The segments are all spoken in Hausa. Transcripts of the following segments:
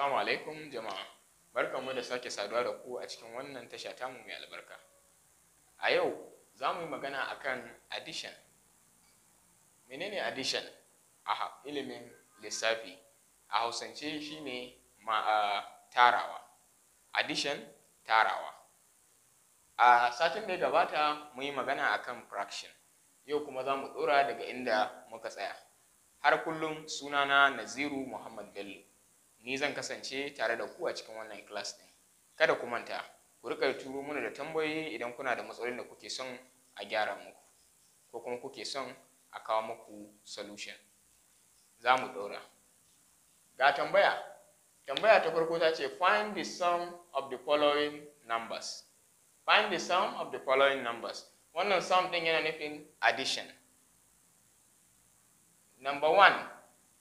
Assalamu alaikum jama'a. Barkanmu da sake saduwa da ku a cikin wannan tasha tamu mai albarka. A yau za mu yi magana akan addition. Menene addition? A ilimin lissafi. A Hausance shine ma tarawa. Addition tarawa. A satin da gabata mu yi magana akan fraction. Yau kuma za mu ɗora daga inda muka tsaya. Har kullum sunana Naziru Muhammad Bello. ni zan kasance tare da ku a cikin wannan class ɗin kada ku manta ku rika turo mana da tambayoyi idan kuna da matsalolin da kuke son a gyara muku ko kuma kuke son a kawo muku solution za mu ɗora ga tambaya tambaya ta farko ta ce find the sum of the following numbers find the sum of the following numbers wannan sum ɗin yana nufin addition number one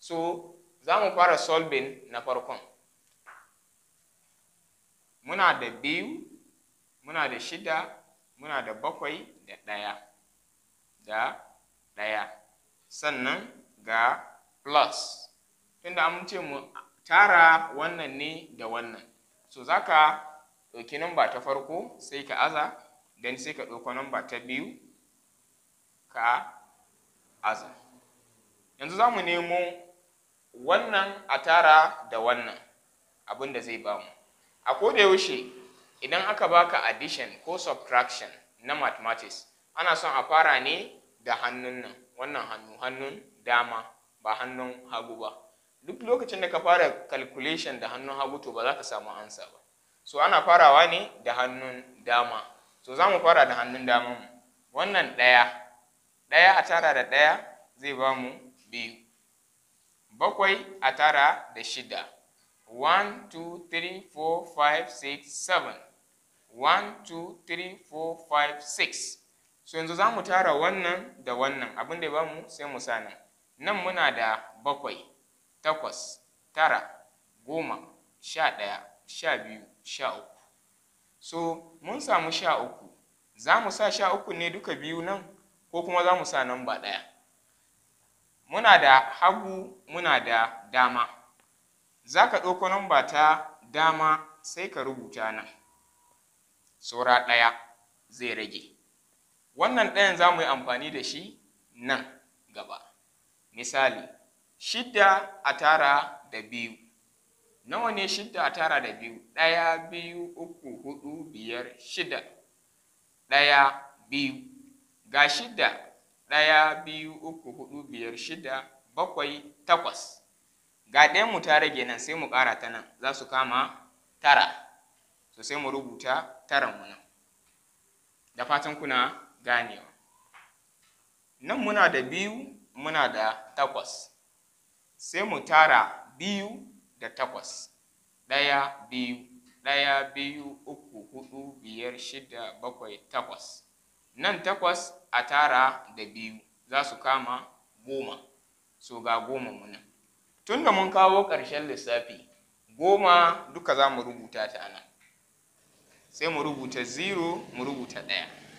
so za mu fara solving na farkon muna da biyu muna da shida muna da bakwai da ɗaya da ɗaya sannan ga plus tunda an ce mu tara wannan ne da wannan so za ka ɗauki namba ta farko sai ka aza don sai ka ɗauko namba ta biyu ka aza yanzu za mu nemo wannan a tara da wannan abin da zai bamu a yaushe idan aka baka addition ko subtraction na mathematics ana son a fara ne da hannun nan wannan hannu hannun dama ba hannun hagu ba duk lokacin da ka fara calculation da hannun hagu to ba za ka samu ansa ba so ana farawa ne da hannun dama so za mu fara da hannun dama wannan ɗaya ɗaya a tara da ɗaya zai ba mu biyu bakwai a tara da shida 1 2 3 4 5 6 7 1 2 3 4 5 6 so yanzu za mu tara wannan da wannan abin da ba mu sai mu sa nan nan muna da bakwai takwas tara goma sha ɗaya sha biyu sha uku so mun samu sha uku za mu sa sha uku ne duka biyu nan ko kuma za mu sa nan ba ɗaya muna da hagu muna da dama za ka ɗauko lamba ta dama sai ka rubuta nan saura ɗaya zai rage wannan ɗayan za mu yi amfani da shi nan gaba misali shidda a tara da biyu nawa ne shidda a tara da biyu ɗaya biyu uku hudu biyar shidda ɗaya biyu ga shidda ɗaya biyu uku hudu biyar shida bakwai takwas ga ɗayan mu ta rage nan sai mu ƙara ta nan za su kama tara so sai mu rubuta taran mu nan da fatan kuna ganewa nan muna da biyu muna da takwas sai mu tara biyu da takwas ɗaya biyu ɗaya biyu uku hudu biyar shida bakwai takwas nan takwas a tara da biyu za su kama goma so ga goma muna tun da mun kawo ƙarshen lissafi goma duka za mu rubuta ta nan sai mu rubuta 0 mu rubuta ɗaya